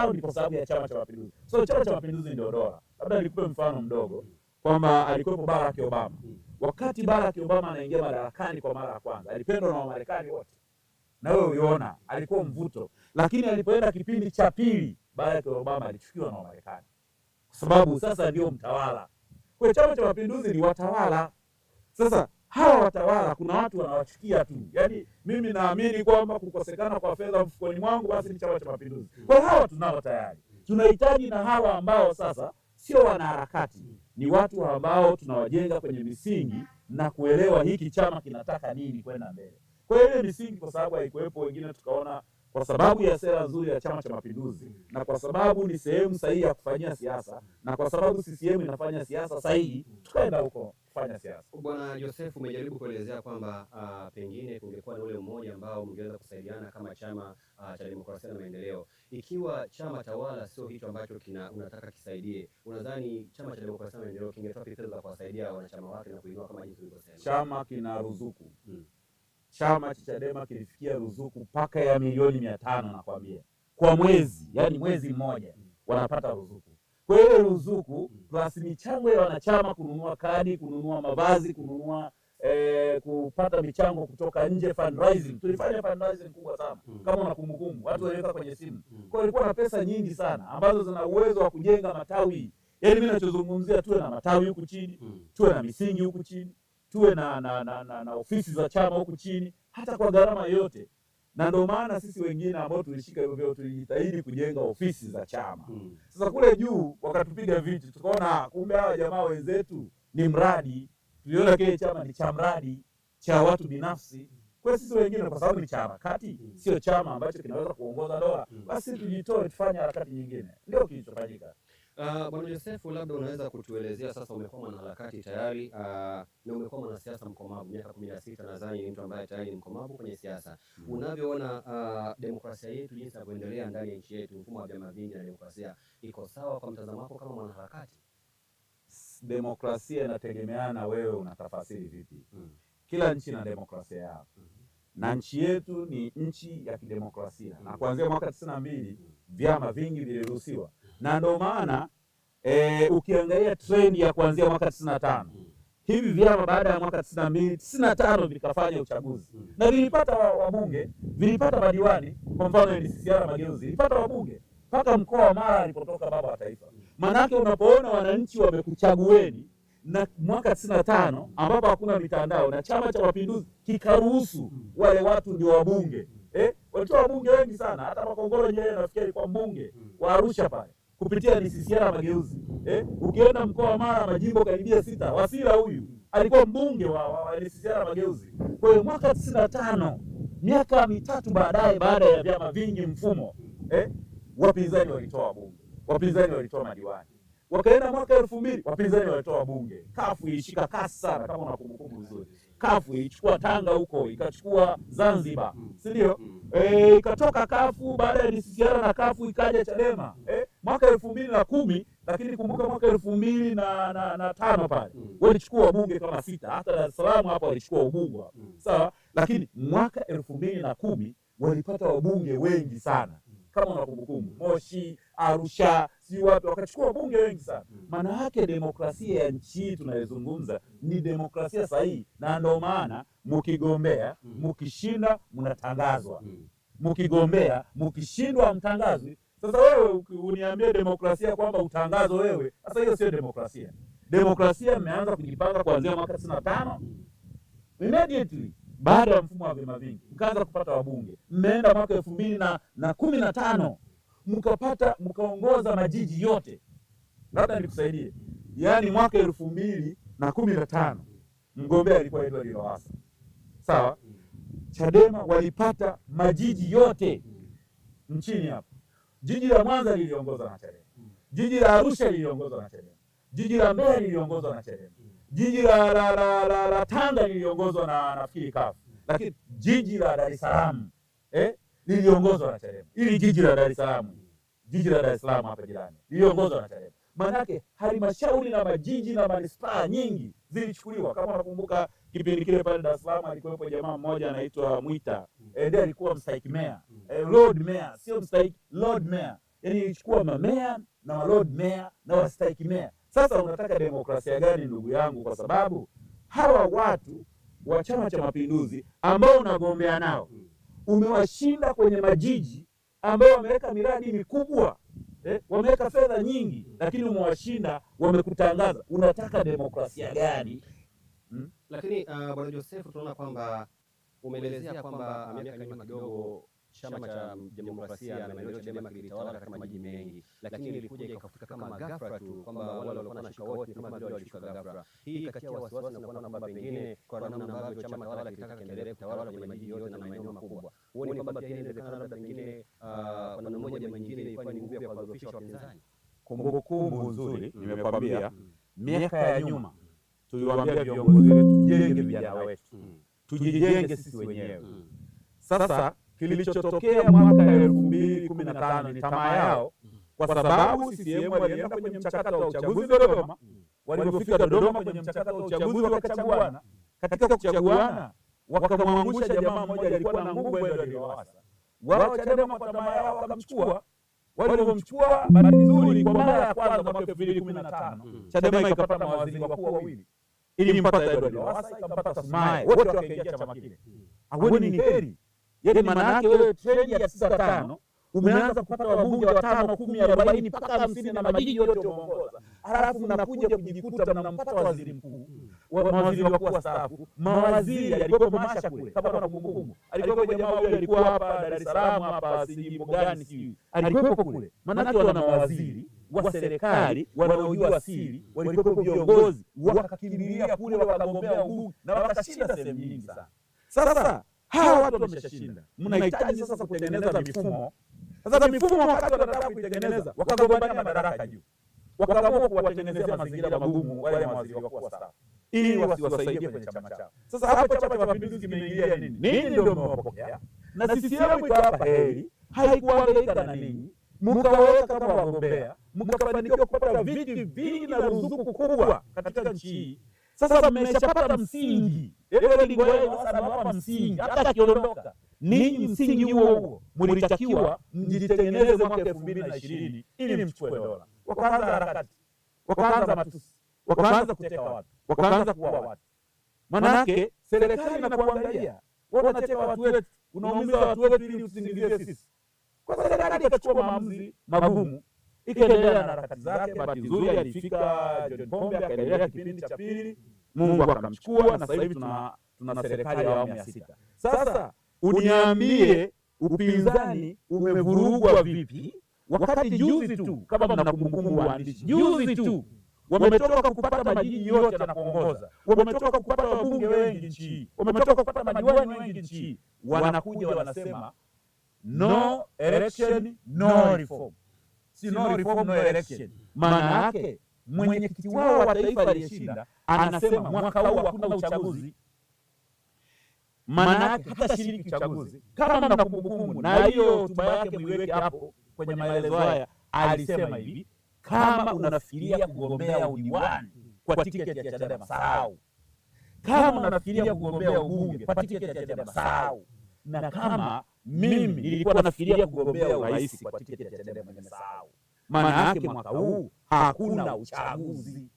au ni kwa sababu ya Chama cha Mapinduzi. So Chama cha Mapinduzi ndio dola. Labda nikupe mfano mdogo kwamba alikuwepo Barack Obama. Wakati Barack Obama anaingia madarakani kwa mara ya kwanza, alipendwa na Wamarekani wote, na wewe uiona alikuwa mvuto, lakini alipoenda kipindi cha pili, Barack Obama alichukiwa na Wamarekani kwa sababu sasa ndio mtawala. Kwa Chama cha Mapinduzi ni watawala sasa hawa watawala kuna watu wanawachukia tu. Yaani mimi naamini kwamba kukosekana kwa fedha mfukoni mwangu basi ni Chama cha Mapinduzi. Kwa hawa tunao tayari, tunahitaji na hawa ambao sasa sio wanaharakati, ni watu ambao tunawajenga kwenye misingi na kuelewa hiki chama kinataka nini kwenda mbele. Kwa hiyo ile misingi, kwa sababu haikuwepo, wengine tukaona kwa sababu ya sera nzuri ya Chama cha Mapinduzi na kwa sababu ni sehemu sahihi ya kufanyia siasa na kwa sababu CCM inafanya siasa sahihi, tukaenda huko kufanya siasa. Bwana Joseph, umejaribu kuelezea kwamba uh, pengine kungekuwa na ule mmoja ambao mngeweza kusaidiana kama chama uh, cha demokrasia na maendeleo. Ikiwa chama tawala sio hicho ambacho kina unataka kisaidie, unadhani chama cha demokrasia na maendeleo kingetoa za kuwasaidia wanachama wake na kuinua kama jinsi ulivyosema? Chama kina ruzuku hmm chama cha Chadema kilifikia ruzuku mpaka ya milioni mia tano nakwambia, kwa mwezi, yani mwezi mmoja wanapata ruzuku. Kwa hiyo ruzuku plus michango ya wanachama, kununua kadi, kununua mavazi, kununua eh, kupata michango kutoka nje, fundraising. Tulifanya fundraising kubwa sana hmm. kama una kumbukumbu, watu waliweka kwenye simu hmm. kwa ilikuwa na pesa nyingi sana ambazo zina uwezo wa kujenga matawi. Yani mimi nachozungumzia, tuwe na matawi huku chini hmm. tuwe na misingi huku chini tuwe na, na, na, na, na ofisi za chama huku chini hata kwa gharama yoyote, na ndio maana sisi wengine ambao tulishika hivyo vyote tulijitahidi kujenga ofisi za chama hmm. Sasa kule juu wakatupiga viti, tukaona ah, kumbe hawa jamaa wenzetu ni mradi. Tuliona kile chama ni cha mradi cha watu binafsi kwa sisi wengine, kwa sababu ni harakati kati, hmm. sio chama ambacho kinaweza kuongoza dola, hmm. basi tujitoe tufanye harakati nyingine. Ndio kilichofanyika. Ah, Bwana Yosefu, labda unaweza kutuelezea sasa, umekuwa mwanaharakati tayari uh, na umekuwa mwanasiasa mkomavu miaka kumi na sita nadhani ni mtu ambaye tayari ni mkomavu kwenye siasa mm Unavyoona uh, demokrasia yetu jinsi inavyoendelea ndani ya nchi yetu, mfumo wa vyama vingi na demokrasia iko sawa kwa mtazamo wako kama mwanaharakati? Demokrasia inategemeana wewe unatafasiri vipi. mm. Kila nchi na demokrasia yao. mm -hmm. na nchi yetu ni nchi ya kidemokrasia. mm -hmm. na kuanzia mwaka tisini na mbili mm vyama vingi viliruhusiwa na ndio maana e, ukiangalia trend ya kuanzia mwaka 95 na hivi vyama baada ya mwaka 92 95 vikafanya uchaguzi na vilipata wabunge, vilipata madiwani. Kwa mfano NCCR Mageuzi vilipata wabunge mpaka mkoa wa Mara alipotoka baba wa taifa. manake unapoona wananchi wamekuchagueni na mwaka 95 ambapo hakuna mitandao na Chama cha Mapinduzi kikaruhusu wale watu ndio wabunge eh, walikuwa wabunge wengi sana, hata Makongoro Nyerere nafikiri kwa mbunge wa Arusha pale kupitia DCCR mageuzi eh? Ukienda mkoa wa Mara majimbo karibia sita. Wasira huyu alikuwa mbunge wa, wa, wa mageuzi. Kwa hiyo mwaka tisini na tano miaka mitatu baadaye, baada ya vyama vingi mfumo eh? Wapinzani walitoa bunge, wapinzani walitoa madiwani, wakaenda mwaka elfu mbili wapinzani walitoa bunge. Kafu ilishika kasi sana, kama unakumbukumbu vizuri kafu ilichukua Tanga huko ikachukua Zanzibar, mm. si ndio? mm. E, ikatoka kafu baada ya disisiana na kafu ikaja Chadema e, mwaka elfu mbili na kumi lakini kumbuka mwaka elfu mbili na, na, na tano pale mm. walichukua bunge kama sita, hata Dar es Salaam hapa walichukua Ubungo mm. sawa, lakini mwaka elfu mbili na kumi walipata wabunge wengi sana kama una kumbukumbu, Moshi, Arusha, si watu wakachukua bunge wengi sana. Maana yake demokrasia ya nchi hii tunayozungumza ni demokrasia sahihi, na ndio maana mkigombea, mkishinda, hmm. mnatangazwa, mkigombea, hmm. mkishindwa, mtangazwi. Sasa wewe uniambie demokrasia kwamba utangazo wewe, sasa hiyo sio demokrasia. Demokrasia mmeanza kujipanga kuanzia mwaka tisini na tano hmm. immediately baada ya mfumo wa vyama vingi mkaanza kupata wabunge, mmeenda mwaka elfu mbili na, na kumi na tano mkapata mkaongoza majiji yote. Labda nikusaidie, yaani mwaka elfu mbili na kumi na tano mgombea alikuwa Edward Lowassa, sawa. Chadema walipata majiji yote nchini hapa. Jiji la Mwanza liliongozwa na Chadema, jiji la Arusha liliongozwa na Chadema, jiji la Mbeya liliongozwa na Chadema jiji la, la, la, la, la Tanga liliongozwa na nafikiri kafu, lakini jiji la Dar es Salaam eh, liliongozwa na Chadema. Ili jiji la Dar es Salaam, jiji la Dar es Salaam hapa jirani liliongozwa na Chadema. Maanake halmashauri na majiji na manispaa nyingi zilichukuliwa. Kama unakumbuka kipindi kile pale Dar es Salaam alikuwepo jamaa mmoja anaitwa Mwita mm. Eh, ndiye alikuwa mstahiki meya mm. Eh, lord meya, sio mstahiki, lord meya. Yani ilichukua mamea na lord meya na wastahiki meya sasa unataka demokrasia gani, ndugu yangu? Kwa sababu hawa watu wa Chama cha Mapinduzi ambao unagombea nao umewashinda kwenye majiji ambao wameweka miradi mikubwa eh, wameweka fedha nyingi, lakini umewashinda, wamekutangaza. Unataka demokrasia gani? Hmm? Lakini uh, Bwana Joseph tunaona kwamba umeelezea kwamba miaka nyuma kidogo chama cha demokrasia na maendeleo CHADEMA kilitawala katika maji mengi, lakini ilikuja ikafutika kama ghafla tu kwamba wale walikuwa na shaka wote kama vile walishuka ghafla. Hii ikatia wasiwasi na kuona kwamba pengine kwa namna ambavyo chama tawala kitaka kiendelee kutawala kwenye maji yote na maeneo makubwa, huoni kwamba pia inawezekana labda pengine uh, uh, kwa namna moja ama nyingine ilikuwa ni nguvu ya kuwadhoofisha wapinzani? Kumbukumbu nzuri, nimekwambia miaka ya nyuma tuliwaambia viongozi wetu, tujenge vijana wetu, tujijenge sisi wenyewe. Sasa kilichotokea mwaka elfu mbili kumi na tano ni tamaa yao, kwa sababu CCM walienda kwenye mchakato wa uchaguzi Dodoma. Walipofika Dodoma kwenye mchakato wa uchaguzi wakachaguana, katika kuchaguana wakamwangusha jamaa mmoja alikuwa na nguvu Lowassa. Wao Chadema kwa tamaa yao wakamchukua walivyomchukua bahati nzuri, kwa mara ya kwanza mwaka elfu mbili kumi na tano Chadema ikapata mawaziri wakuu wawili, ili mpata Edward Lowassa ikampata Sumaye, wote wakaingia chama kile. Aweni ni heri Yani yaani maana yake wewe treni ya tisa tano umeanza kupata wabunge watano kumi arobaini mpaka hamsini na majiji yote umeongoza, halafu unakuja kujikuta mnampata waziri mkuu, mawaziri wakuu wastaafu, mawaziri alikuwa Masha kule, kama kuna kumbukumbu, alikuwa jamaa huyo, alikuwa hapa Dar es Salaam hapa, sijui jimbo gani, sijui alikuwepo kule. Maanake wana mawaziri wa serikali wanaojua siri, walikuwa viongozi wakakimbilia kule, wakagombea ubunge na wakashinda sehemu nyingi sana. Sasa hawa watu wameshashinda, mnahitaji sasa kutengeneza mifumo. Sasa mifumo wakati wanataka kuitengeneza, wakagombania madaraka juu, wakaamua kuwatengenezea mazingira magumu wale mawaziri wakuu wa sasa, ili wasiwasaidie kwenye chama chao. Sasa hapo Chama cha Mapinduzi kimeingilia nini? Nini ndio mmewapokea na CCM hapa heri, haikuangaika na nini mkawaweka kama wagombea, mkafanikiwa kupata viti vingi na ruzuku kubwa katika nchi hii. Sasa mmeshapata msingi, hapa msingi, hata akiondoka ninyi, msingi huo huo mlitakiwa mjitengeneze mwaka elfu mbili na ishirini ili mchukue dola. Wakaanza harakati, wakaanza matusi, wakaanza kuteka watu, wakaanza kuua watu. Manake serikali inakuangalia wewe, unateka watu wetu, unaumiza watu wetu ili usingizie sisi. Kwa serikali ikachukua maamuzi magumu ikaendelea na harakati zake. Bahati nzuri alifika John Pombe akaendelea kipindi cha pili, Mungu akamchukua, na sasa hivi tuna tuna serikali ya awamu ya sita. Sasa uniambie upinzani umevurugwa vipi, wakati juzi tu, kama mna kumbukumbu waandishi, juzi tu wametoka kupata majiji yote na kuongoza, wametoka kupata wabunge wengi nchi hii, wametoka kupata madiwani wengi nchi hii, wanakuja wanasema no election no reform si no reform no election. Maana yake mwenyekiti wao wa taifa aliyeshinda anasema mwaka huu hakuna uchaguzi. Maana yake hata shiriki uchaguzi, kama mna kumbukumbu, na hiyo hotuba yake mwiweke hapo kwenye maelezo haya. Alisema hivi, kama unafikiria kugombea udiwani kwa tiketi ya Chadema sahau, kama unafikiria kugombea ubunge kwa tiketi ya Chadema sahau, na kama mimi nilikuwa nafikiria kugombea urais kwa tiketi ya Chadema, nimesahau. Maana yake mwaka huu hakuna uchaguzi.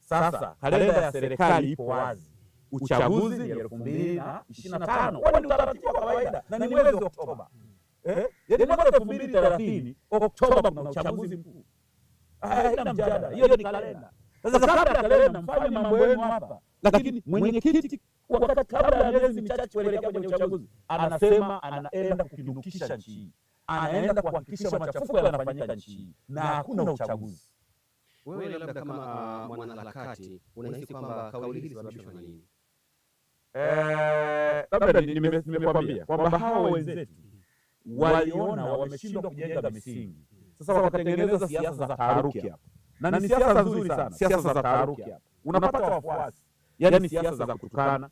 Sasa kalenda ya serikali ipo wazi, uchaguzi ni elfu mbili na ishirini na tano kwani utaratibu wa kawaida na ni mwezi Oktoba. Eh, eh? yaani, yaani mwaka elfu mbili thelathini Oktoba kuna uchaguzi mkuu. Eh, Haina mjadala, hiyo ni kalenda. Sasa kabla ya kalenda, mfanye mambo yenu hapa lakini mwenyekiti kabla ya miezi michache kuelekea kwenye uchaguzi anasema anaenda nchi hii, anaenda kuhakikisha machafuko yanafanyika nchi hii na hakuna uchaguzi. Wewe labda kama uh, mwanaharakati unahisi kwamba kauli sababishwa na nini? Eh, labda nimekwambia kwamba hawa wenzetu waliona wameshindwa kujenga misingi, sasa wakatengeneza siasa za taharuki hapa, na ni siasa nzuri sana, siasa za taharuki hapa, unapata wafuasi yani yaani siasa za kutukana,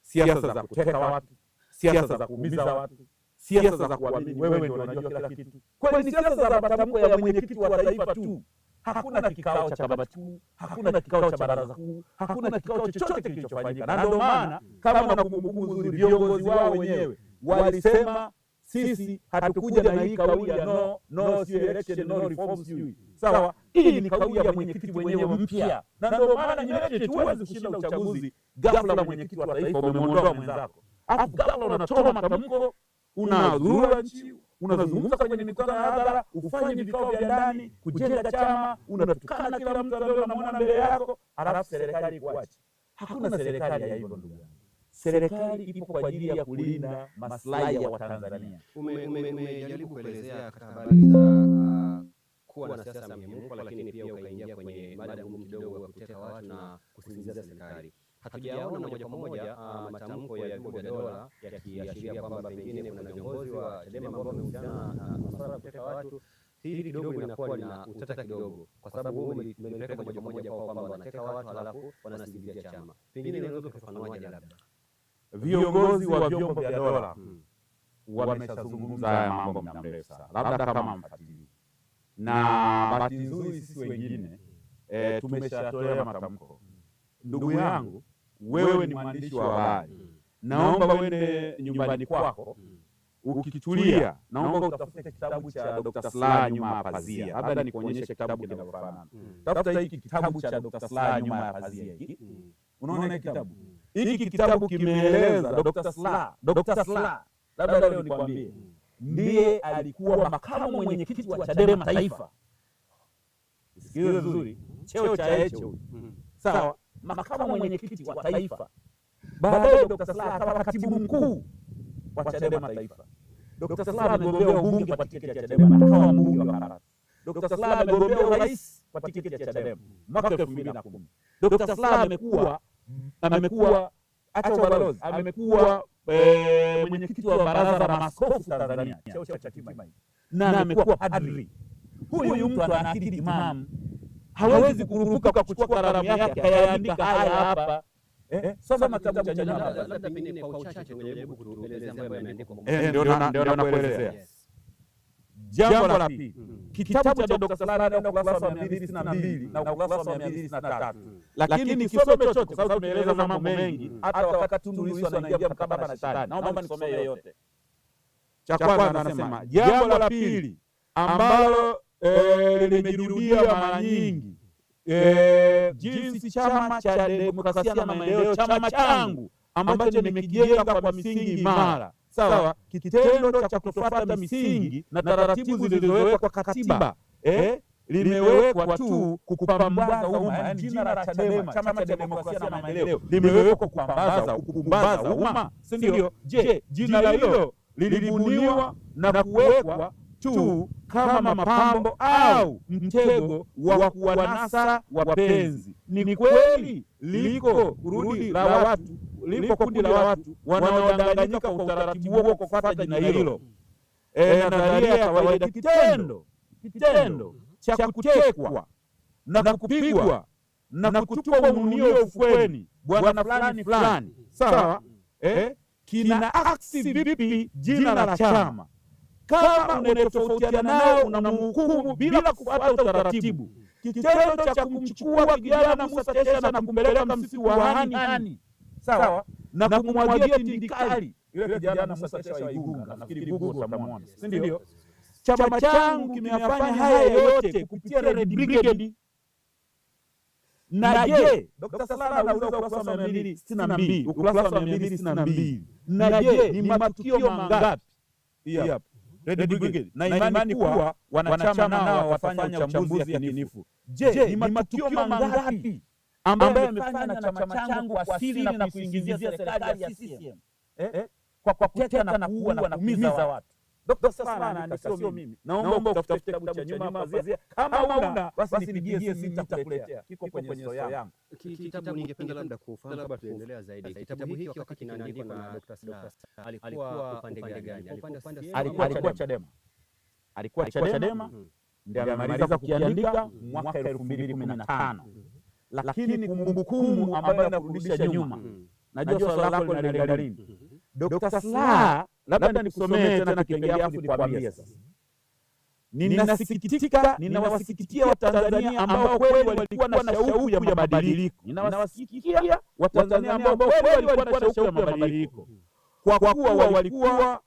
siasa za kuteka watu, siasa za kuumiza watu, siasa za kuamini wewe ndio unajua kila kitu. Kwani siasa za matamko ya mwenyekiti wa taifa tu. Hakuna kikao cha kamati kuu, hakuna kikao cha baraza kuu, hakuna kikao chochote kilichofanyika. Na ndio maana kama unakumbuka nzuri, viongozi wao wenyewe walisema sisi hatukuja na hii kauli ya no no election no reforms sawa. Hii ni kauli ya mwenyekiti mwenyewe mpya, na ndio maana Nyemeche huwezi kushinda uchaguzi ghafla. Mwenyekiti wa taifa umemwondoa mwenzako, afu ghafla unatoa matamko, unazurura nchi, unazungumza kwenye mikutano ya hadhara, ufanye vikao vya ndani kujenga chama, unatukana kila mtu ambaye unamwona mbele yako, alafu serikali kuache. Hakuna serikali ya hivyo, ndugu yangu. Serikali ipo kwa ajili ya kulinda maslahi ya Watanzania. Umejaribu kuelezea katika habari za kuwa na siasa mhemuko, lakini pia ukaingia kwenye mada ngumu kidogo ya kuteka watu na kusinzia serikali. Hatujaona moja kwa moja ah, ah, matamko ya vyombo vya dola yakiashiria kwamba pengine kuna viongozi wa Chadema ambao wamehusiana na masuala ya kuteka watu. Hili kidogo linakuwa lina utata kidogo, kwa sababu wao umelipeleka moja kwa moja kwa kwamba wanateka watu halafu wanasingizia chama. Pengine inaweza kufafanuaje? Labda viongozi wa vyombo vya dola wameshazungumza haya mambo muda mrefu sana, labda kama mfuatiliaji na eh, bahati nzuri sisi wengine e, eh, eh, tumeshatolea matamko. Ndugu yangu, wewe ni mwandishi wa habari, naomba uende nyumbani kwako ukitulia, naomba utafute kitabu cha Dr. Slaa nyuma ya pazia. Hata nikuonyeshe kitabu kinafanana, hmm. tafuta hiki kitabu cha Dr. Slaa nyuma ya pazia hiki. Hmm. Unaona hiki kitabu hmm. hiki, kitabu kimeeleza Dr. Slaa, Dr. Slaa, labda leo nikwambie ndiye alikuwa makamu mwenyekiti wa Chadema Taifa. Sikiwe vizuri, cheo cha echo mm-hmm. sawa, makamu mwenyekiti wa taifa. Baadaye Dr. Slaa akawa katibu mkuu wa Chadema Taifa. Dr. Slaa amegombea ubunge kwa tiketi ya Chadema na akawa mbunge wa Karatu. Dr. Slaa amegombea urais kwa tiketi ya Chadema mwaka 2010. Dr. Slaa amekuwa amekuwa hata ubalozi amekuwa eh, eh, mwenyekiti wa baraza la maskofu Tanzania cheo cha Kitima, na amekuwa padri. Huyu mtu anaakili imamu, hawezi kurupuka kuchukua kalamu yake akayaandika haya hapa. Sasa eh, matabu cha nyama ndio nakuelezea Jambo la pili, hmm. kitabu cha Dr. Slaa na ukurasa wa mia na mbili na ukurasa wa mia na tatu lakini nikisome chote kwa sababu tumeeleza mambo mengi. Hata wakati Tundu Lissu anaingia mkabala na Shetani, naomba nisomee yote. Cha kwanza anasema, jambo la pili ambalo eh, eh, limejirudia mara nyingi eh, jinsi chama cha demokrasia na maendeleo, chama changu ambacho nimekijenga kwa misingi imara sawa, kitendo cha kutofuata misingi na taratibu zilizowekwa katiba eh, eh limewekwa tu kupambaza umma. Yani jina la Chadema, chama cha demokrasia na maendeleo, limewekwa kupambaza kupumbaza umma, si ndio? Je, jina la hilo lilibuniwa na kuwekwa tu kama mapambo au mtego wa kuwanasa wapenzi? Ni kweli liko rudi la watu lipo kundi la watu wanaodanganyika kwa utaratibu huo kwa kufuata jina hilo e, nadharia ya kawaida. Kitendo kitendo cha kutekwa na kupigwa na kutupwa munio ufukweni, bwana fulani fulani, sawa eh, eh? kina aksi vipi jina la chama? Kama unatofautiana nao unamhukumu bila kufuata utaratibu. Kitendo cha kumchukua kijana Musa Chesha na kumpeleka msitu wa Hani Hani sawa na kumwagia tindikali yule kijana na Musa kesha Igunga, nafikiri Google utamwona, si ndio? Chama changu kimeyafanya haya yote kupitia Red Brigade. Na je, Dr. Salala anauliza ukurasa wa 262, ukurasa wa 262. Na je, ni matukio mangapi? Hii Red Brigade na imani kuwa wanachama nao wafanya uchambuzi yakinifu. Je, ni matukio mangapi ambaye amefanya na chama changu kwa siri na kuingizia serikali ya CCM eh? eh, kwa kwa kuteka na kuua na kumiza watu. Dr. Sasmana ni sio mimi. Naomba ukafute kitabu cha nyuma mapazia. Kama una basi nipigie simu nitakuletea. Kiko kwenye store yangu. Kitabu ningependa labda kufahamu kabla tuendelea zaidi. Kitabu hiki wakati kinaandikwa na Dr. Sasmana alikuwa upande gani? Alikuwa alikuwa Chadema. Alikuwa Chadema. Ndio amemaliza kukiandika mwaka 2015 lakini ni kumbukumbu ambayo inakurudisha nyuma. Najua swala lako linalenga lini, Dokta Slaa, labda nikusomee tena kitenge afu nikwambie sasa. Ninasikitika, ninawasikitia Watanzania ambao kweli walikuwa na shauku ya mabadiliko. Ninawasikitia Watanzania ambao kweli walikuwa na shauku ya mabadiliko, kwa kuwa walikuwa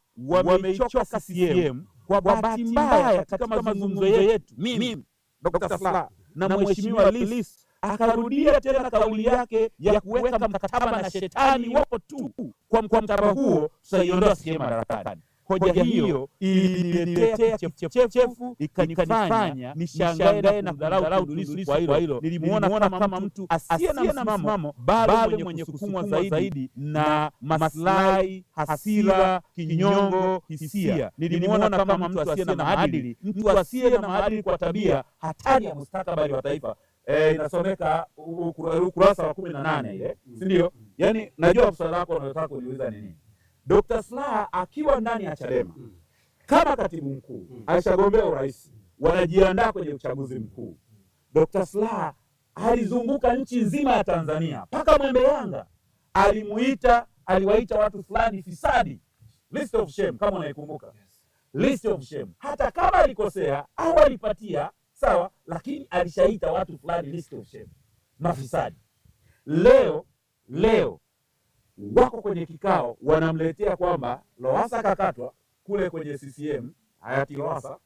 wameichoka CCM. Kwa bahati mbaya, katika mazungumzo yetu, mimi Dokta Slaa na mheshimiwa Lissu akarudia tena kauli yake ya kuweka mkataba na shetani wapo tu kwa mkataba huo tutaiondoa sehemu madarakani. Hoja hiyo iliniletea chefuchefu, ikanifanya nishangae na kudharau Tundu Lissu. Kwa hilo nilimuona kama mtu asiye na msimamo, bado mwenye kusukumwa zaidi na maslahi, hasira, kinyongo, hisia. Nilimuona kama mtu asiye na maadili, mtu asiye na maadili kwa tabia, hatari ya mustakabali wa taifa e, inasomeka ukurasa wa kumi na nane ile mm. si ndio? Yani najua swali lako unataka kujiuliza ni nini. Dr. Slaa akiwa ndani ya Chadema mm. kama katibu mkuu mm. alishagombea urais, wanajiandaa kwenye uchaguzi mkuu. d Slaa alizunguka nchi nzima ya Tanzania mpaka Mwembe Yanga, alimuita aliwaita watu fulani fisadi, list of shame, kama unaikumbuka list of shame. Hata kama alikosea au alipatia sawa, lakini alishaita watu fulani list of shame, mafisadi. Leo leo wako kwenye kikao, wanamletea kwamba Lowassa kakatwa kule kwenye CCM, hayati Lowassa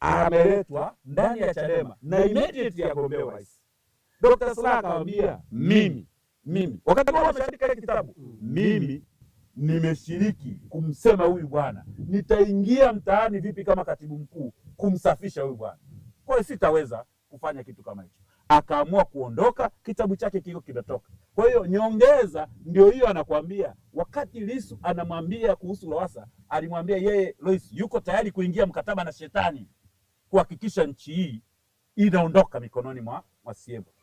ameletwa ndani ya Chadema na immediately agombea urais. Dr. Slaa akamwambia mimi mimi wakati wao wameshaandika ile kitabu mimi nimeshiriki kumsema huyu bwana, nitaingia mtaani vipi kama katibu mkuu kumsafisha huyu bwana. Kwa hiyo sitaweza kufanya kitu kama hicho. Akaamua kuondoka, kitabu chake kiko kimetoka. Kwa hiyo nyongeza ndio hiyo, anakuambia wakati Lisu anamwambia kuhusu Lowassa, alimwambia yeye Lois yuko tayari kuingia mkataba na shetani kuhakikisha nchi hii inaondoka mikononi mwa mwa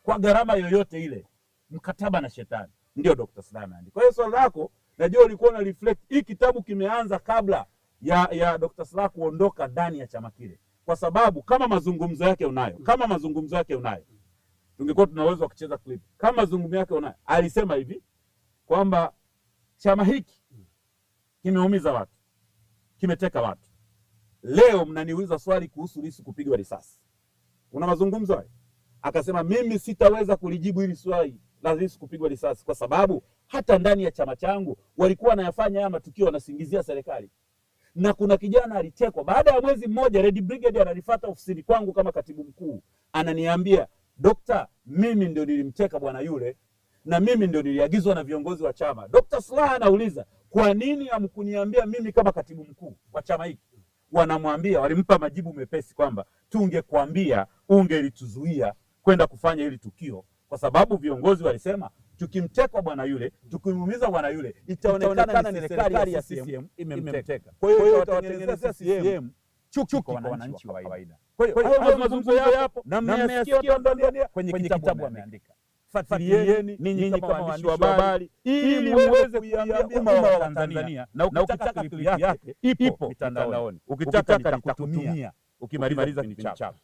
kwa gharama yoyote ile, mkataba na shetani. Ndio Dr. Slaa. Kwa hiyo swali lako najua ulikuwa una reflect, hii kitabu kimeanza kabla ya ya Dr. Slaa kuondoka ndani ya chama kile kwa sababu kama mazungumzo yake unayo, kama mazungumzo yake unayo, tungekuwa tuna uwezo wa kucheza clip. Kama mazungumzo yake unayo, alisema hivi kwamba chama hiki kimeumiza watu, kimeteka watu. Leo mnaniuliza swali kuhusu Lissu kupigwa risasi, kuna mazungumzo hayo? Akasema mimi sitaweza kulijibu hili swali la Lissu kupigwa risasi, kwa sababu hata ndani ya chama changu walikuwa wanayafanya haya matukio, wanasingizia serikali na kuna kijana alitekwa. Baada ya mwezi mmoja, Red Brigade ananifata ofisini kwangu kama katibu mkuu, ananiambia Dokta, mimi ndio nilimteka bwana yule na mimi ndio niliagizwa na viongozi wa chama. Dokta Slaha anauliza kwa nini hamkuniambia mimi kama katibu mkuu wa chama hiki? Wanamwambia, walimpa majibu mepesi kwamba tungekwambia ungelituzuia kwenda kufanya hili tukio, kwa sababu viongozi walisema tukimtekwa bwana yule, tukimuumiza bwana yule, itaonekana ni serikali ya CCM imemteka. Kwa hiyo itawatengenezea CCM chuki kwa wananchi wa kawaida. Kwa hiyo hayo mazungumzo yapo na mmeyasikia Tanzania kwenye kitabu ameandika. Fuatilieni ninyi kama waandishi wa habari ili muweze kuiambia umma wa Tanzania, na ukitaka klipu yake ipo mitandaoni, ukitaka nitakutumia ukimaliza kipindi chako.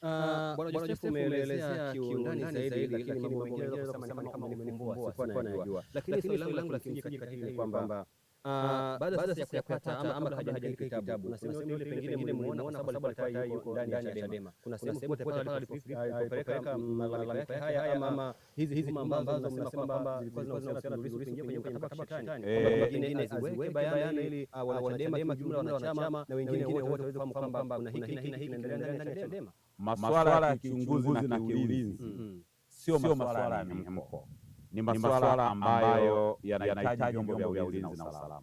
Ah, ah, Bwana Josefu umeelezea kiundani zaidi, lakini mambo mengine naweza kusema ni kama umenifumbua, sikuwa najua. Lakini swali langu la kimsingi katika hili ni kwamba ah, baada ya kuyapata ama kabla hajaandika kitabu, kuna sehemu ile pengine mlimuona kwa sababu alikuwa yuko ndani ya Chadema. Kuna sehemu pote pale alipopeleka malalamiko haya ama hizi hizi mambo ambazo mnasema kwamba zilikuwa zinahusiana na Lissu kuingia kwenye mkataba wa kishetani, kwamba wengine eh, ziweke bayana ili wanachadema kiujumla, wanachama na wengine wote waweze kufahamu kwamba kuna hiki hiki kinaendelea ndani ya Chadema masuala ya kiuchunguzi na kiulinzi mm. sio masuala ya mko, ni masuala ambayo yanahitaji vyombo vya ulinzi na usalama.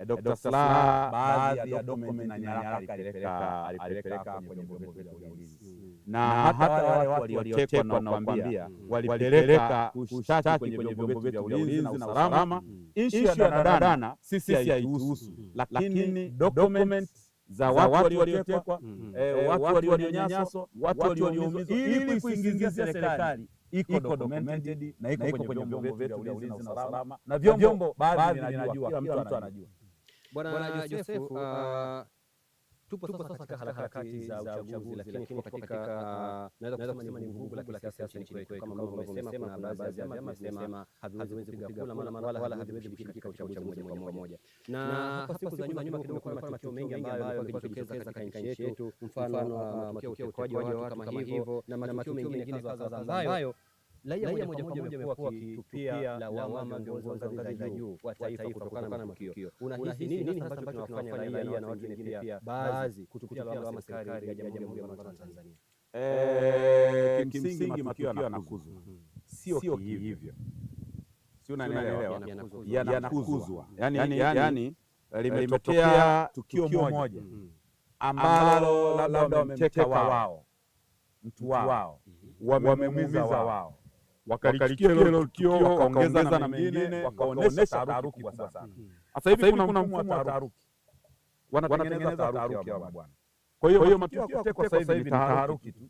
Eh, Dr. Slaa baadhi ya dokumenti na nyaraka alipeleka alipeleka kwenye vyombo vya ulinzi, mm-hmm. na hata wale watu waliotekwa na kuambia mm-hmm. walipeleka kushtaki kwenye vyombo vya ulinzi na usalama. Issue ya Danadana sisi haituhusu, lakini dokumenti za watu waliotekwa, mm-hmm. eh, eh, watu walionyanyaswa, watu walioumizwa, ili kuisingizia serikali iko documented na iko kwenye vyombo vyetu vya ulinzi na usalama, na vyombo baadhi ninajua, kila mtu anajua. Bwana Josefu uh, uh, Tupo sasa katika harakati za uchaguzi, lakini tupo katika uh, uh, naweza kusema ni vuguvugu la kisiasa nchini kwetu, kama ambavyo wamesema, kuna baadhi ya vyama vinasema haviwezi kupiga kura wala wala haviwezi kushiriki katika uchaguzi moja kwa moja. Na hapa siku za nyuma nyuma kidogo kuna matukio mengi ambayo yalikuwa yakijitokeza katika nchi yetu, mfano wa uh, matukio ya utekaji wa watu kama hivyo na matukio mengine kadhaa ambayo Raia moja kwa moja lawama viongozi wa ngazi za juu wa taifa kutokana na matukio. Unahisi nini hasa ambacho tunafanya raia na watu wengine pia baadhi kutupia lawama serikali ya Jamhuri ya Muungano wa Tanzania? Eh, eh, kimsingi matukio yanakuzwa, sio kihivyo, si unanielewa? Yanakuzwa yani eh, limetokea tukio moja mm-hmm. ambalo labda wamemteka wao mtu wao, wamemuumiza wao wakalichukia hilo tukio wakaongeza na mengine, wakaonesha taharuki kubwa sana. Hmm. Hmm. Sasa hivi kuna mfumo wa taharuki, wanatengeneza taharuki hawa bwana. Kwa hiyo matukio kwa sasa hivi ni taharuki tu,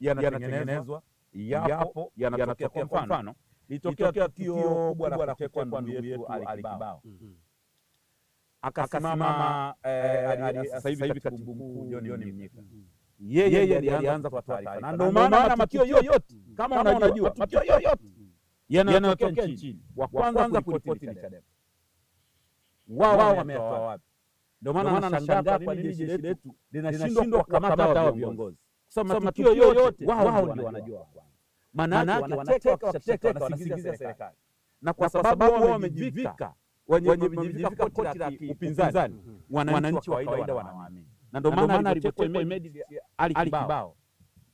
yanatengenezwa, yapo, yanatokea. Kwa mfano litokea tukio kubwa la kutekwa ndugu yetu Alikibao akasimama, sasa hivi katibu mkuu John Mnyika yeye alianza kwa taarifa, na ndio maana matukio yoyote kama unajua, matukio yoyote yanayotokea nchini wa kwanza kuripoti ni Chadema. Wao wao wametoa wapi? Ndio maana anashangaa kwa nini jeshi letu linashindwa kukamata hao viongozi, kusema matukio yoyote wao ndio wanajua kwanza. Maana yake wanateka, wakiteka wanasingiza serikali, na kwa sababu wao wamejivika, wenye kujivika koti la upinzani, wananchi wa kawaida wanaamini na ndio maana alipochekwa Imedi Ali Kibao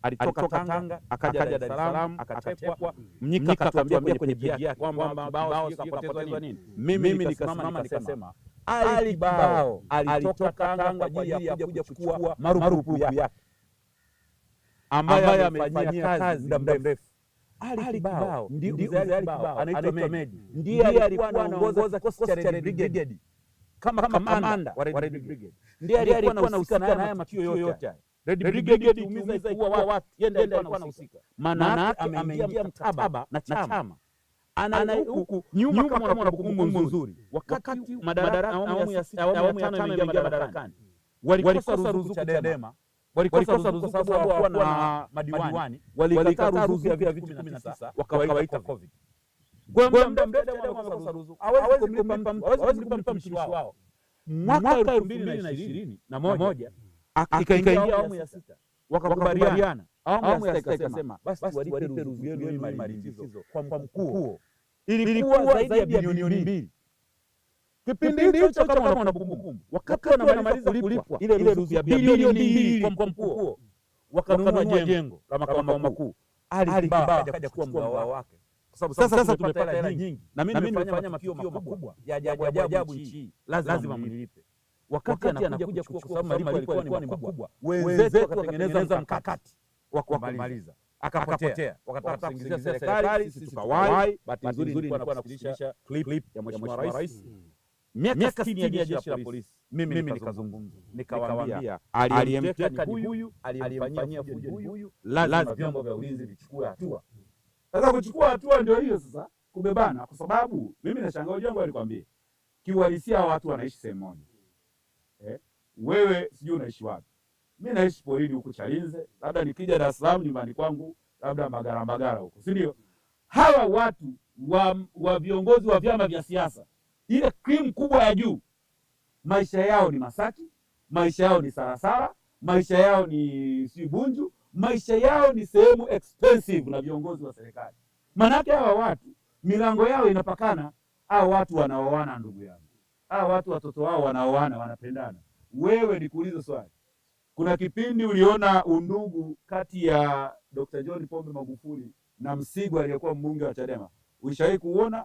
alitoka Tanga akaja Dar es Salaam akatekwa. Mnyika akatuambia kwenye peji yake kwamba Kibao sikapotezwa nini. Mimi nikasimama nikasema Ali Kibao alitoka Tanga kwa ajili ya kuja kuchukua marupurupu yake ambayo amefanyia kazi muda mrefu. Ali Kibao ndio Ali Kibao anaitwa Medi, ndiye alikuwa anaongoza kikosi cha brigade kama kamanda wa Red Brigade ndiye alikuwa anahusika na haya matukio yote. Red Brigade umiza ikuwa watu, yeye ndiye alikuwa anahusika, maana ameingia mkataba na chama ana huku nyuma, kama unakumbuka nzuri, wakati madaraka awamu ya awamu ya tano imeingia madarakani, walikosa ruzuku Chadema, walikosa ruzuku sababu hawakuwa na madiwani, walikataa ruzuku ya viti kumi wakawaita covid kwa Mwaka elfu mbili na ishirini na moja ikaingia awamu ya sita, wakakubaliana. Awamu ya sita ikasema basi ruzuku yenu kwa ilikuwa zaidi ya bilioni mbili kipindi hicho kama wakati wanamaliza kulipwa ile ruzuku ya bilioni mbili kwa wakanunua jengo la makao makuu. wake sababu sasa sasa tumepata hela nyingi na mimi nimefanya matukio makubwa ya ajabu nchi, lazima mnilipe. Wakati anakuja kuchukua, kwa sababu malipo yalikuwa ni makubwa, wenzetu wakatengeneza mkakati wa kumaliza akapotea, wakataka kusingizia serikali, sisi tukawahi. Bahati nzuri nilikuwa nakusikilisha clip ya mheshimiwa rais hmm. miaka 60 ya jeshi la polisi. Mimi nikazungumza nikawaambia, aliyemteka ni huyu, aliyemfanyia fujo ni huyu, lazima vyombo vya ulinzi vichukue hatua. Sasa kuchukua hatua ndio hiyo sasa kubebana, kwa sababu mimi nashangaa jambo alikwambia kiuhalisia watu wanaishi sehemu moja eh? Wewe sijui unaishi wapi? Mi naishi porini huko Chalinze, labda nikija Dar es Salaam nyumbani kwangu labda Mbagara Mbagara huko, si ndio? Hawa watu wa, wa viongozi wa vyama vya siasa, ile krimu kubwa ya juu, maisha yao ni Masaki, maisha yao ni Sarasara, maisha yao ni Sibunju, maisha yao ni sehemu expensive na viongozi wa serikali. Maanake hawa watu milango yao inapakana. Hawa watu wanaoana, ndugu yangu, hawa watu watoto wao wanaoana, wanapendana. Wewe nikuulize swali, kuna kipindi uliona undugu kati ya Dr. John Pombe Magufuli na Msigwa aliyekuwa mbunge wa Chadema? Ulishawahi kuuona?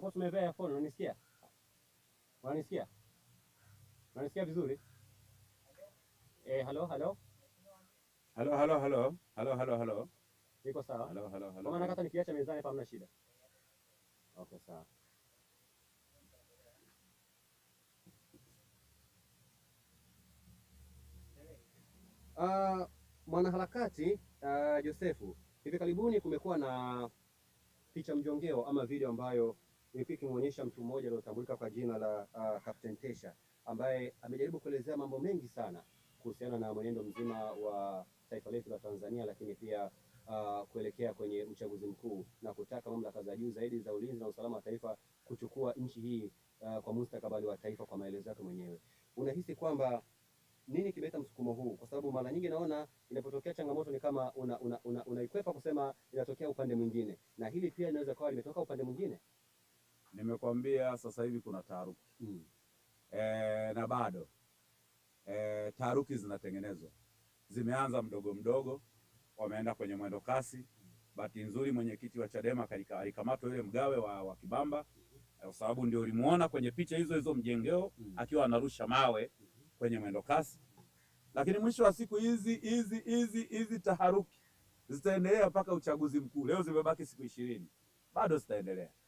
hapo tumevaa earphone, unanisikia? Unanisikia? Unanisikia vizuri? Eh, halo halo. Halo halo halo. Halo halo halo. Iko sawa? Halo halo halo. Kama maana nikiacha mezani hapa hamna shida. Okay, sawa. Uh, mwanaharakati uh, Josefu, hivi karibuni kumekuwa na picha mjongeo ama video ambayo ilikuwa ikimwonyesha mtu mmoja aliyotambulika kwa jina la uh, Tesha ambaye amejaribu kuelezea mambo mengi sana kuhusiana na mwenendo mzima wa taifa letu la Tanzania, lakini pia uh, kuelekea kwenye uchaguzi mkuu na kutaka mamlaka za juu zaidi za ulinzi na usalama wa taifa kuchukua nchi hii uh, kwa mustakabali wa taifa. Kwa maelezo yake mwenyewe, unahisi kwamba nini kimeleta msukumo huu? Kwa sababu mara nyingi naona inapotokea changamoto ni kama unaikwepa una, una, una kusema inatokea upande mwingine, na hili pia inaweza kuwa limetoka upande mwingine nimekwambia sasa hivi kuna taharuki mm. E, na bado e, taharuki zinatengenezwa, zimeanza mdogo mdogo, wameenda kwenye mwendo kasi. Bahati nzuri mwenyekiti wa Chadema alikamatwa yule mgawe wa, wa Kibamba e, kwa sababu ndio ulimuona kwenye picha hizo hizo mjengeo mm. akiwa anarusha mawe kwenye mwendo kasi, lakini mwisho wa siku hizi hizi hizi hizi taharuki zitaendelea mpaka uchaguzi mkuu. Leo zimebaki siku ishirini, bado zitaendelea.